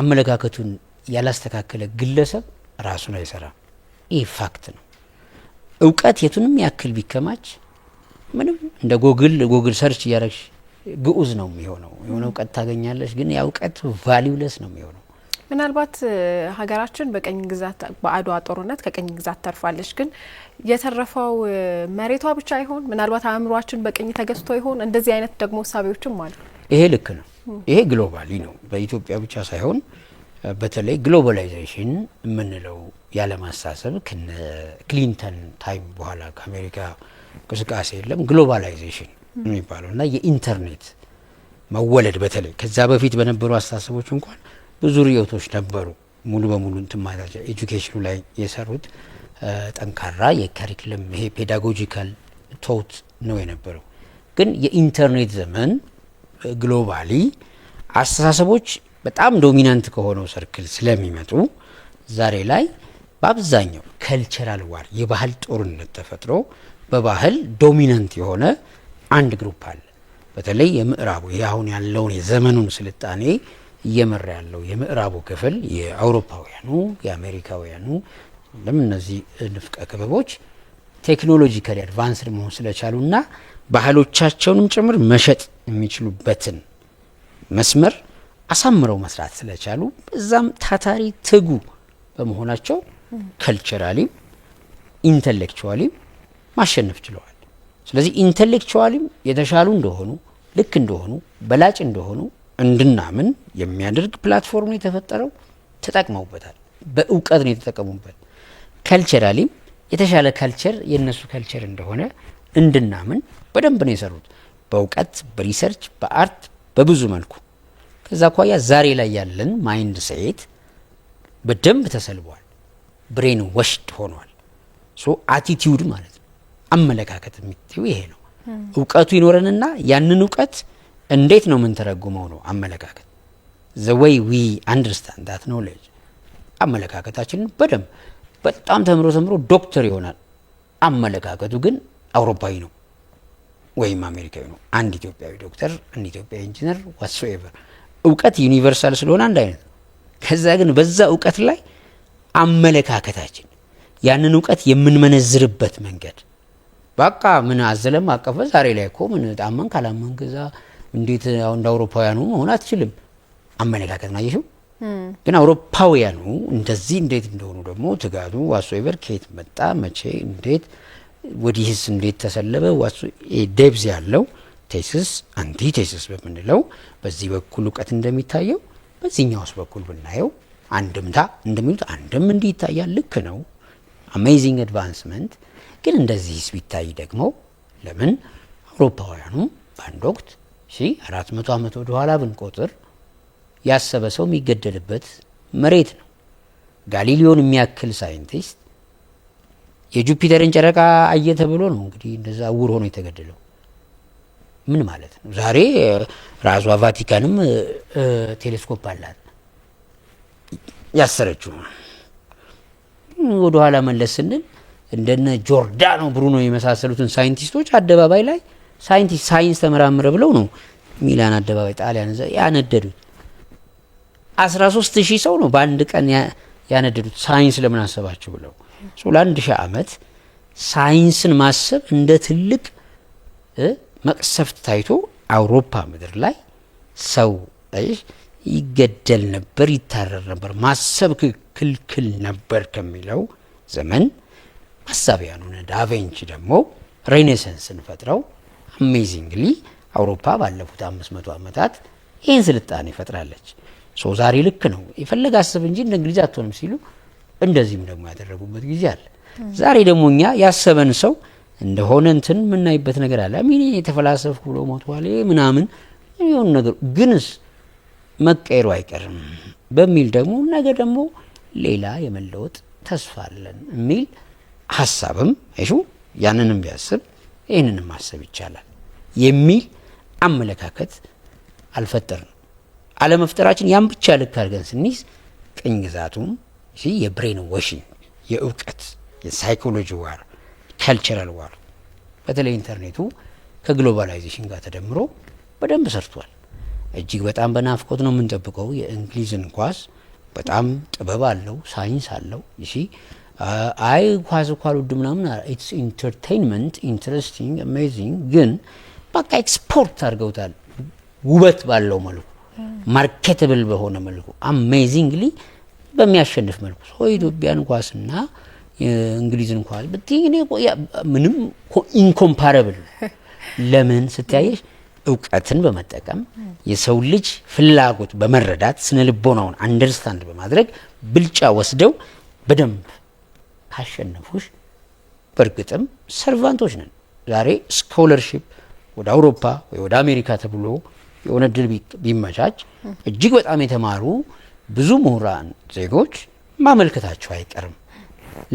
አመለካከቱን ያላስተካከለ ግለሰብ ራሱን አይሰራም። ይህ ፋክት ነው። እውቀት የቱንም ያክል ቢከማች ምንም እንደ ጎግል ጎግል ሰርች እያረግሽ ግዑዝ ነው የሚሆነው። የሆነ እውቀት ታገኛለች፣ ግን ያ እውቀት ቫሊውለስ ነው የሚሆነው። ምናልባት ሀገራችን በቀኝ ግዛት በአድዋ ጦርነት ከቀኝ ግዛት ተርፋለች። ግን የተረፈው መሬቷ ብቻ ይሆን? ምናልባት አእምሯችን በቀኝ ተገዝቶ ይሆን? እንደዚህ አይነት ደግሞ እሳቤዎችም አሉ። ይሄ ልክ ነው። ይሄ ግሎባሊ ነው። በኢትዮጵያ ብቻ ሳይሆን በተለይ ግሎባላይዜሽን የምንለው ያለማሳሰብ ክሊንተን ታይም በኋላ ከአሜሪካ እንቅስቃሴ የለም ግሎባላይዜሽን የሚባለው እና የኢንተርኔት መወለድ በተለይ ከዛ በፊት በነበሩ አስተሳሰቦች እንኳን ብዙ ርዕዮቶች ነበሩ። ሙሉ በሙሉ እንትን ኤጁኬሽኑ ላይ የሰሩት ጠንካራ የካሪክለም ይሄ ፔዳጎጂካል ቶት ነው የነበረው። ግን የኢንተርኔት ዘመን ግሎባሊ አስተሳሰቦች በጣም ዶሚናንት ከሆነው ሰርክል ስለሚመጡ ዛሬ ላይ በአብዛኛው ከልቸራል ዋር የባህል ጦርነት ተፈጥሮ በባህል ዶሚናንት የሆነ አንድ ግሩፕ አለ። በተለይ የምዕራቡ ይህ አሁን ያለውን የዘመኑን ስልጣኔ እየመራ ያለው የምዕራቡ ክፍል የአውሮፓውያኑ፣ የአሜሪካውያኑ እንደም እነዚህ ንፍቀ ክበቦች ቴክኖሎጂካሊ አድቫንስድ መሆን ስለቻሉና ባህሎቻቸውንም ጭምር መሸጥ የሚችሉበትን መስመር አሳምረው መስራት ስለቻሉ በዛም ታታሪ ትጉ በመሆናቸው ከልቸራሊም ኢንተሌክቹዋሊም ማሸነፍ ችለዋል። ስለዚህ ኢንተሌክቹዋሊም የተሻሉ እንደሆኑ ልክ እንደሆኑ በላጭ እንደሆኑ እንድናምን የሚያደርግ ፕላትፎርም የተፈጠረው ተጠቅመውበታል። በእውቀት ነው የተጠቀሙበት። ከልቸራሊም የተሻለ ካልቸር የእነሱ ካልቸር እንደሆነ እንድናምን በደንብ ነው የሰሩት። በእውቀት በሪሰርች በአርት በብዙ መልኩ ከዛ አኳያ ዛሬ ላይ ያለን ማይንድ ሴት በደንብ ተሰልቧል። ብሬን ወሽድ ሆኗል። ሶ አቲቲዩድ ማለት ነው አመለካከት የሚትው ይሄ ነው። እውቀቱ ይኖረንና ያንን እውቀት እንዴት ነው የምንተረጉመው ነው አመለካከት። ዘ ወይ ዊ አንደርስታንድ ዳት ኖሌጅ አመለካከታችንን በደንብ በጣም ተምሮ ተምሮ ዶክተር ይሆናል። አመለካከቱ ግን አውሮፓዊ ነው ወይም አሜሪካዊ ነው። አንድ ኢትዮጵያዊ ዶክተር፣ አንድ ኢትዮጵያዊ ኢንጂነር ዋትሶኤቨር እውቀት ዩኒቨርሳል ስለሆነ አንድ አይነት ነው። ከዛ ግን በዛ እውቀት ላይ አመለካከታችን ያንን እውቀት የምንመነዝርበት መንገድ በቃ ምን አዘለም አቀፈ ዛሬ ላይ እኮ ምን ጣመን ካላመን ከዛ እንዴት እንደ አውሮፓውያኑ መሆን አትችልም። አመለካከት ናየሽው ግን አውሮፓውያኑ እንደዚህ እንዴት እንደሆኑ ደግሞ ትጋቱ ዋሶኤቨር ከየት መጣ መቼ እንዴት ወዲህስ እንዴት ተሰለበ ዴብዝ ያለው ቴስስ አንቲ ቴስስ በምንለው በዚህ በኩል እውቀት እንደሚታየው ውስጥ በኩል ብናየው አንድምታ እንደሚሉት አንድም እንዲህ ይታያል። ልክ ነው። አሜዚንግ አድቫንስመንት ግን እንደዚህስ ቢታይ ደግሞ ለምን አውሮፓውያኑ በአንድ ወቅት ሺ አራት መቶ ዓመት ወደኋላ ብንቆጥር ያሰበ ሰው የሚገደልበት መሬት ነው። ጋሊሊዮን የሚያክል ሳይንቲስት የጁፒተርን ጨረቃ አየ ተብሎ ነው እንግዲህ እንደዛ እውር ሆኖ የተገደለው። ምን ማለት ነው? ዛሬ ራሷ ቫቲካንም ቴሌስኮፕ አላት ያሰረችው። ወደኋላ መለስ ስንል እንደነ ጆርዳኖ ብሩኖ የመሳሰሉትን ሳይንቲስቶች አደባባይ ላይ ሳይንቲስት ሳይንስ ተመራምረ ብለው ነው ሚላን አደባባይ ጣሊያን ያነደዱት። 13 ሺህ ሰው ነው በአንድ ቀን ያነድዱት። ሳይንስ ለምን አሰባችሁ ብለው ለአንድ ሺህ ዓመት ሳይንስን ማሰብ እንደ ትልቅ መቅሰፍት ታይቶ አውሮፓ ምድር ላይ ሰው ይገደል ነበር፣ ይታረር ነበር፣ ማሰብ ክልክል ነበር ከሚለው ዘመን ማሳቢያ ነው። ዳቬንቺ ደግሞ ሬኔሰንስን ፈጥረው አሜዚንግሊ አውሮፓ ባለፉት አምስት መቶ ዓመታት ይህን ስልጣኔ ይፈጥራለች። ሶ ዛሬ ልክ ነው የፈለገ አስብ እንጂ እንደ እንግሊዝ አትሆንም ሲሉ እንደዚህም ደግሞ ያደረጉበት ጊዜ አለ። ዛሬ ደግሞ እኛ ያሰበን ሰው እንደሆነ እንትን የምናይበት ነገር አለ። ሚኒ የተፈላሰፍኩ ብሎ ሞቷል ምናምን የሆኑ ነገር ግንስ መቀየሩ አይቀርም በሚል ደግሞ ነገ ደግሞ ሌላ የመለወጥ ተስፋ አለን የሚል ሀሳብም ይሹ ያንንም ቢያስብ ይህንንም ማሰብ ይቻላል የሚል አመለካከት አልፈጠርም። አለመፍጠራችን ያን ብቻ ልክ አድርገን ስንይዝ ቅኝ ግዛቱም የብሬን ወሽን የእውቀት የሳይኮሎጂ ዋር ካልቸራል ዋር በተለይ ኢንተርኔቱ ከግሎባላይዜሽን ጋር ተደምሮ በደንብ ሰርቷል። እጅግ በጣም በናፍቆት ነው የምንጠብቀው የእንግሊዝን ኳስ። በጣም ጥበብ አለው፣ ሳይንስ አለው። እሺ አይ ኳስ እኳ አልወድም ምናምን ኢትስ ኢንተርቴንመንት ኢንትረስቲንግ አሜዚንግ ግን በቃ ኤክስፖርት አድርገውታል ውበት ባለው መልኩ ማርኬትብል በሆነ መልኩ አሜዚንግሊ በሚያሸንፍ መልኩ ሰው ኢትዮጵያን ኳስና እንግሊዝን ኳስ ብትይ እኔ ምንም ኢንኮምፓረብል ለምን ስታየሽ እውቀትን በመጠቀም የሰው ልጅ ፍላጎት በመረዳት ስነ ልቦናውን አንደርስታንድ በማድረግ ብልጫ ወስደው በደንብ ካሸነፉሽ በእርግጥም ሰርቫንቶች ነን። ዛሬ ስኮለርሺፕ ወደ አውሮፓ ወይ ወደ አሜሪካ ተብሎ የሆነ እድል ቢመቻች እጅግ በጣም የተማሩ ብዙ ምሁራን ዜጎች ማመልከታቸው አይቀርም።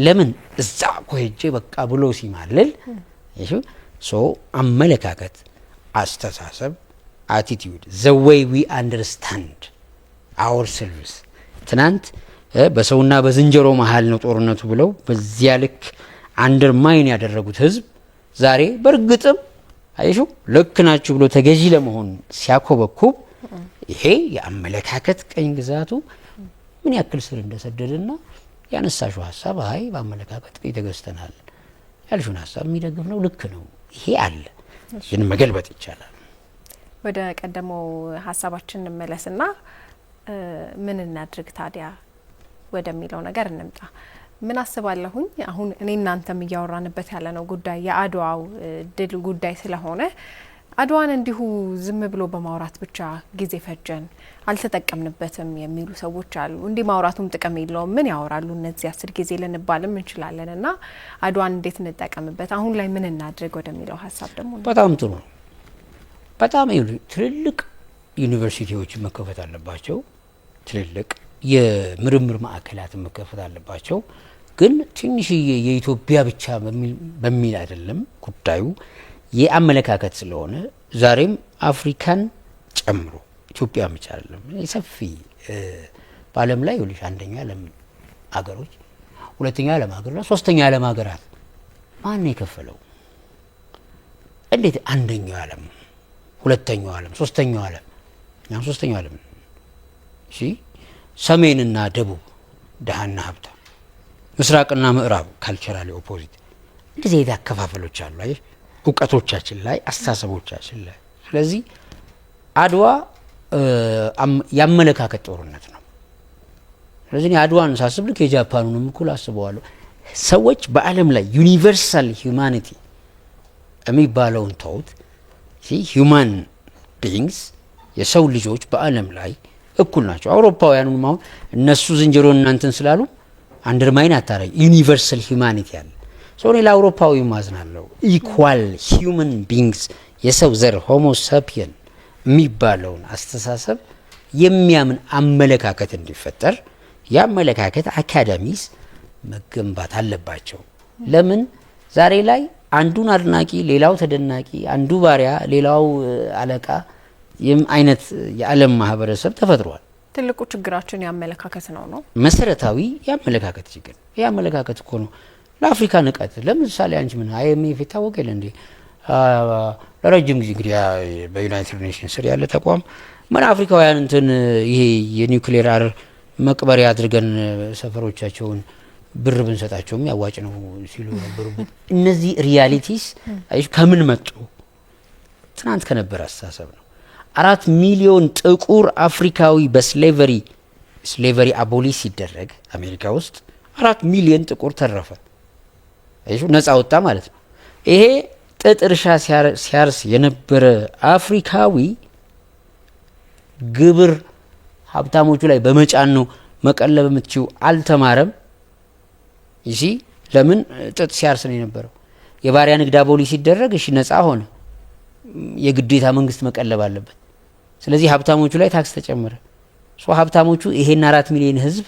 ለምን እዛ ኮሄጄ በቃ ብሎ ሲማልል ሰው አመለካከት፣ አስተሳሰብ፣ አቲቲዩድ ዘወይ ዊ አንደርስታንድ አወር ሰርቪስ ትናንት በሰውና በዝንጀሮ መሀል ነው ጦርነቱ ብለው በዚያ ልክ አንደርማይን ያደረጉት ህዝብ ዛሬ በእርግጥም አይሹ ልክ ናችሁ ብሎ ተገዢ ለመሆን ሲያኮበኩብ ይሄ የአመለካከት ቀኝ ግዛቱ ምን ያክል ስር እንደሰደደና ያነሳሽው ሀሳብ አይ በአመለካከት ቀኝ ተገዝተናል ያልሽውን ሀሳብ የሚደግፍ ነው። ልክ ነው። ይሄ አለ፣ ግን መገልበጥ ይቻላል። ወደ ቀደመው ሀሳባችን እንመለስና ምን እናድርግ ታዲያ ወደሚለው ነገር እንምጣ። ምን አስባለሁኝ አሁን እኔ እናንተም እያወራንበት ያለነው ጉዳይ የአድዋው ድል ጉዳይ ስለሆነ አድዋን እንዲሁ ዝም ብሎ በማውራት ብቻ ጊዜ ፈጀን፣ አልተጠቀምንበትም የሚሉ ሰዎች አሉ። እንዲህ ማውራቱም ጥቅም የለውም ምን ያወራሉ እነዚህ አስር ጊዜ ልንባልም እንችላለን። እና አድዋን እንዴት እንጠቀምበት፣ አሁን ላይ ምን እናድርግ ወደሚለው ሀሳብ ደግሞ በጣም ጥሩ ነው። በጣም ትልልቅ ዩኒቨርሲቲዎች መከፈት አለባቸው ትልልቅ የምርምር ማዕከላትን መከፈት አለባቸው። ግን ትንሽዬ የኢትዮጵያ ብቻ በሚል አይደለም ጉዳዩ የአመለካከት ስለሆነ ዛሬም አፍሪካን ጨምሮ ኢትዮጵያ ብቻ አይደለም ሰፊ በዓለም ላይ ይኸውልሽ አንደኛ ዓለም አገሮች፣ ሁለተኛ ዓለም ሀገራት፣ ሶስተኛ ዓለም ሀገራት ማን የከፈለው? እንዴት አንደኛው ዓለም ሁለተኛው ዓለም ሶስተኛው ዓለም እኛም ሶስተኛው ዓለም እሺ ሰሜንና ደቡብ ድሃና ሀብታ፣ ምስራቅና ምዕራብ ካልቸራሊ ኦፖዚት። እንደዚህ አይነት አከፋፈሎች አሉ። አይ እውቀቶቻችን ላይ አስተሳሰቦቻችን ላይ። ስለዚህ አድዋ የአመለካከት ጦርነት ነው። ስለዚህ አድዋን ሳስብ ልክ የጃፓኑንም እኩል አስበዋለሁ። ሰዎች በዓለም ላይ ዩኒቨርሳል ሂውማኒቲ የሚባለውን ተውት። ሂውማን ቢንግስ የሰው ልጆች በዓለም ላይ እኩል ናቸው። አውሮፓውያኑም አሁን እነሱ ዝንጀሮ እናንትን ስላሉ አንደርማይን አታረግ። ዩኒቨርሳል ሂማኒቲ አለ። ሰው እኔ ለአውሮፓዊ ማዝናለሁ። ኢኳል ሂውመን ቢንግስ የሰው ዘር ሆሞ ሳፒየን የሚባለውን አስተሳሰብ የሚያምን አመለካከት እንዲፈጠር የአመለካከት አካዳሚስ መገንባት አለባቸው። ለምን ዛሬ ላይ አንዱን አድናቂ ሌላው ተደናቂ፣ አንዱ ባሪያ ሌላው አለቃ ይህም አይነት የዓለም ማህበረሰብ ተፈጥሯል። ትልቁ ችግራችን የአመለካከት ነው ነው መሰረታዊ የአመለካከት ችግር የአመለካከት እኮ ነው። ለአፍሪካ ንቀት ለምሳሌ አንቺ ምን አይኤምኤፍ የታወቀ የለ እንዴ? ለረጅም ጊዜ እንግዲህ በዩናይትድ ኔሽን ስር ያለ ተቋም ምን አፍሪካውያን እንትን ይሄ የኒውክሌር አር መቅበሪያ አድርገን ሰፈሮቻቸውን ብር ብንሰጣቸውም ያዋጭ ነው ሲሉ ነበሩበት። እነዚህ ሪያሊቲስ ከምን መጡ? ትናንት ከነበረ አስተሳሰብ ነው። አራት ሚሊዮን ጥቁር አፍሪካዊ በስሌቨሪ ስሌቨሪ አቦሊ ሲደረግ አሜሪካ ውስጥ አራት ሚሊዮን ጥቁር ተረፈ። ነፃ ወጣ ማለት ነው። ይሄ ጥጥ እርሻ ሲያርስ የነበረ አፍሪካዊ ግብር ሀብታሞቹ ላይ በመጫን ነው መቀለብ የምትችው። አልተማረም። ይሲ ለምን ጥጥ ሲያርስ ነው የነበረው። የባሪያ ንግድ አቦሊ ሲደረግ እሺ ነፃ ሆነ። የግዴታ መንግስት መቀለብ አለበት። ስለዚህ ሀብታሞቹ ላይ ታክስ ተጨመረ። ሀብታሞቹ ይሄን አራት ሚሊዮን ህዝብ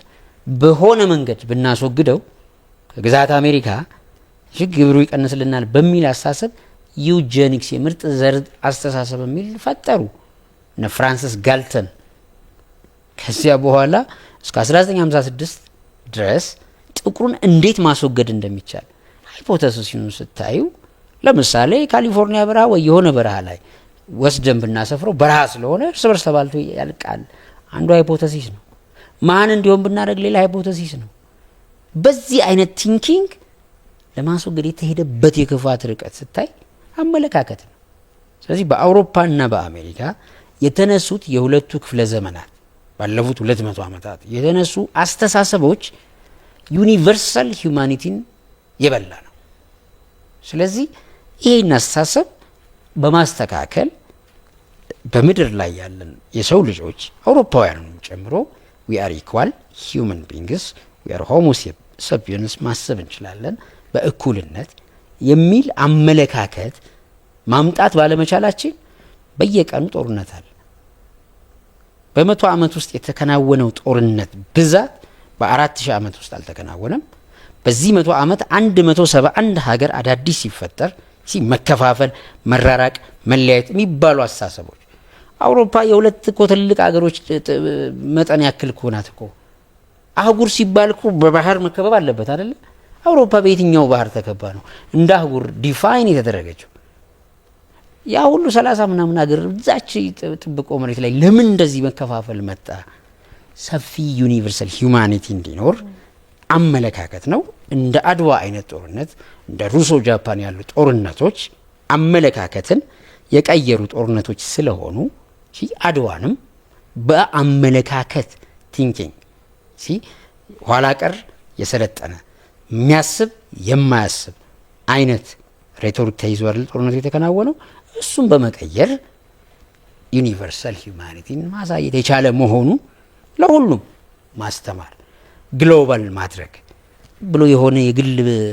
በሆነ መንገድ ብናስወግደው ከግዛት አሜሪካ ሽግ ግብሩ ይቀንስልናል በሚል አስተሳሰብ ዩጀኒክስ የምርጥ ዘር አስተሳሰብ የሚል ፈጠሩ እነ ፍራንሲስ ጋልተን። ከዚያ በኋላ እስከ 1956 ድረስ ጥቁሩን እንዴት ማስወገድ እንደሚቻል ሃይፖተሲሱን ስታዩ፣ ለምሳሌ ካሊፎርኒያ በረሃ ወይ የሆነ በረሃ ላይ ወስደን ብናሰፍረው በረሃ ስለሆነ እርስ በርስ ተባልቶ ያልቃል። አንዱ ሃይፖተሲስ ነው። ማን እንዲሆን ብናደርግ ሌላ ሃይፖተሲስ ነው። በዚህ አይነት ቲንኪንግ ለማስወገድ የተሄደበት የክፋት ርቀት ስታይ አመለካከት ነው። ስለዚህ በአውሮፓና በአሜሪካ የተነሱት የሁለቱ ክፍለ ዘመናት ባለፉት ሁለት መቶ ዓመታት የተነሱ አስተሳሰቦች ዩኒቨርሳል ሂውማኒቲን የበላ ነው። ስለዚህ ይህን አስተሳሰብ በማስተካከል በምድር ላይ ያለን የሰው ልጆች አውሮፓውያንን ጨምሮ አር ኢኳል ሂውመን ቢንግስ አር ሆሞ ሰፒየንስ ማሰብ እንችላለን በእኩልነት የሚል አመለካከት ማምጣት ባለመቻላችን በየቀኑ ጦርነት አለ። በመቶ ዓመት ውስጥ የተከናወነው ጦርነት ብዛት በአራት ሺህ ዓመት ውስጥ አልተከናወነም። በዚህ መቶ ዓመት አንድ መቶ ሰባ አንድ ሀገር አዳዲስ ሲፈጠር መከፋፈል፣ መራራቅ፣ መለያየት የሚባሉ አስተሳሰቦች አውሮፓ የሁለት እኮ ትልቅ ሀገሮች መጠን ያክል እኮ ናት እኮ። አህጉር ሲባል እኮ በባህር መከበብ አለበት አደለ? አውሮፓ በየትኛው ባህር ተከባ ነው እንደ አህጉር ዲፋይን የተደረገችው? ያ ሁሉ ሰላሳ ምናምን ሀገር እዛች ጥብቆ መሬት ላይ ለምን እንደዚህ መከፋፈል መጣ? ሰፊ ዩኒቨርሳል ሂዩማኒቲ እንዲኖር አመለካከት ነው። እንደ አድዋ አይነት ጦርነት እንደ ሩሶ ጃፓን ያሉ ጦርነቶች አመለካከትን የቀየሩ ጦርነቶች ስለሆኑ አድዋንም በአመለካከት ቲንኪንግ ኋላ ቀር የሰለጠነ የሚያስብ የማያስብ አይነት ሬቶሪክ ተይዞ አይደል ጦርነቱ የተከናወነው። እሱን በመቀየር ዩኒቨርሳል ሂውማኒቲን ማሳየት የቻለ መሆኑ ለሁሉም ማስተማር፣ ግሎባል ማድረግ ብሎ የሆነ የግል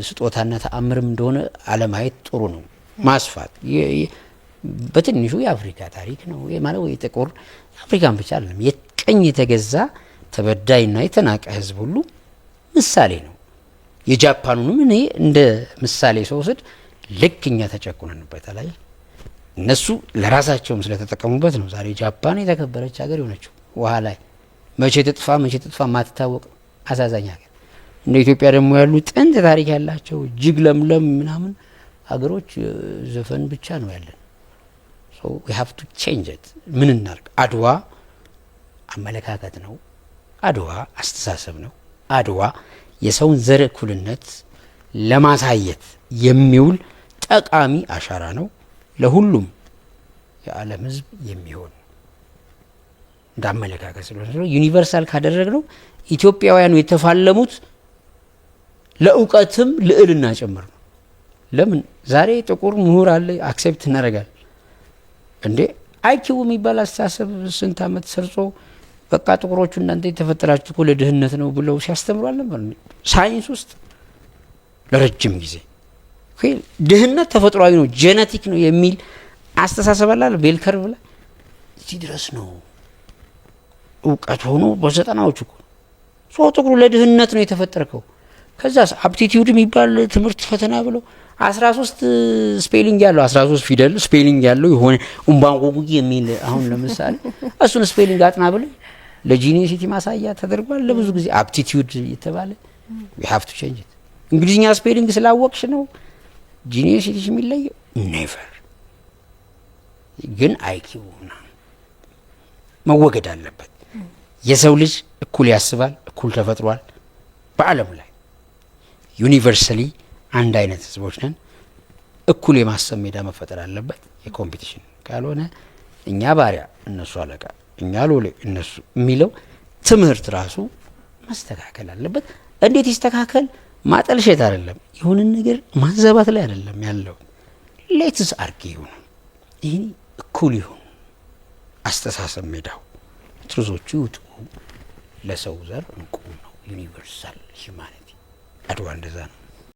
ስጦታና ተአምርም እንደሆነ አለማየት ጥሩ ነው። ማስፋት በትንሹ የአፍሪካ ታሪክ ነው ማለት የጥቁር አፍሪካን ብቻ አይደለም የቀኝ የተገዛ ተበዳይና የተናቀ ህዝብ ሁሉ ምሳሌ ነው። የጃፓኑንም እኔ እንደ ምሳሌ ሰው ስድ ልክ እኛ እነሱ ለራሳቸውም ስለተጠቀሙበት ነው ዛሬ ጃፓን የተከበረች ሀገር የሆነችው። ውሃ ላይ መቼ ትጥፋ መቼ ትጥፋ ማትታወቅ አሳዛኝ ሀገር። እንደ ኢትዮጵያ ደግሞ ያሉ ጥንት ታሪክ ያላቸው እጅግ ለምለም ምናምን ሀገሮች ዘፈን ብቻ ነው ያለን። ሀብቱ ምን እናርግ? አድዋ አመለካከት ነው። አድዋ አስተሳሰብ ነው። አድዋ የሰውን ዘር እኩልነት ለማሳየት የሚውል ጠቃሚ አሻራ ነው። ለሁሉም የዓለም ሕዝብ የሚሆን እንደ አመለካከት ስለሆነ ዩኒቨርሳል ካደረግነው ኢትዮጵያውያኑ የተፋለሙት ለእውቀትም ልዕልና ጭምር ነው። ለምን ዛሬ ጥቁር ምሁር አለ አክሴፕት እናደርጋለን። እንዴ አይኪው የሚባል አስተሳሰብ ስንት ዓመት ሰርጾ በቃ ጥቁሮቹ እናንተ የተፈጠራችሁ እኮ ለድህነት ነው ብለው ሲያስተምሩ አልነበር? ሳይንስ ውስጥ ለረጅም ጊዜ ድህነት ተፈጥሯዊ ነው ጄኔቲክ ነው የሚል አስተሳሰብ አላለ ቤልከር ብላ እዚህ ድረስ ነው እውቀት ሆኖ በዘጠናዎች ሰው ጥቁሩ ለድህነት ነው የተፈጠርከው ከዛስ አፕቲቲዩድ የሚባል ትምህርት ፈተና ብለው አስራ ሶስት ስፔሊንግ ያለው አስራ ሶስት ፊደል ስፔሊንግ ያለው የሆነ ኡምባንጎጉ የሚል አሁን ለምሳሌ እሱን ስፔሊንግ አጥና ብለ ለጂኒሲቲ ማሳያ ተደርጓል። ለብዙ ጊዜ አፕቲቲዩድ የተባለ ሀፍቱ ቸንጅት እንግሊዝኛ ስፔሊንግ ስላወቅሽ ነው ጂኒሲቲ የሚለየው ኔቨር ግን አይኪው መወገድ አለበት። የሰው ልጅ እኩል ያስባል፣ እኩል ተፈጥሯል በአለም ። ላይ ዩኒቨርሰሊ አንድ አይነት ህዝቦች ነን። እኩል የማሰብ ሜዳ መፈጠር አለበት። የኮምፒቲሽን ካልሆነ እኛ ባሪያ፣ እነሱ አለቃ፣ እኛ ሎሌ፣ እነሱ የሚለው ትምህርት ራሱ መስተካከል አለበት። እንዴት ይስተካከል? ማጠልሸት አይደለም፣ የሆንን ነገር ማዘባት ላይ አይደለም ያለው። ሌትስ አርጌ ይሁኑ፣ ይህ እኩል ይሁኑ። አስተሳሰብ ሜዳው ትሩዞቹ ይውጡ። ለሰው ዘር እንቁ ነው ዩኒቨርሳል ሂማን at one design.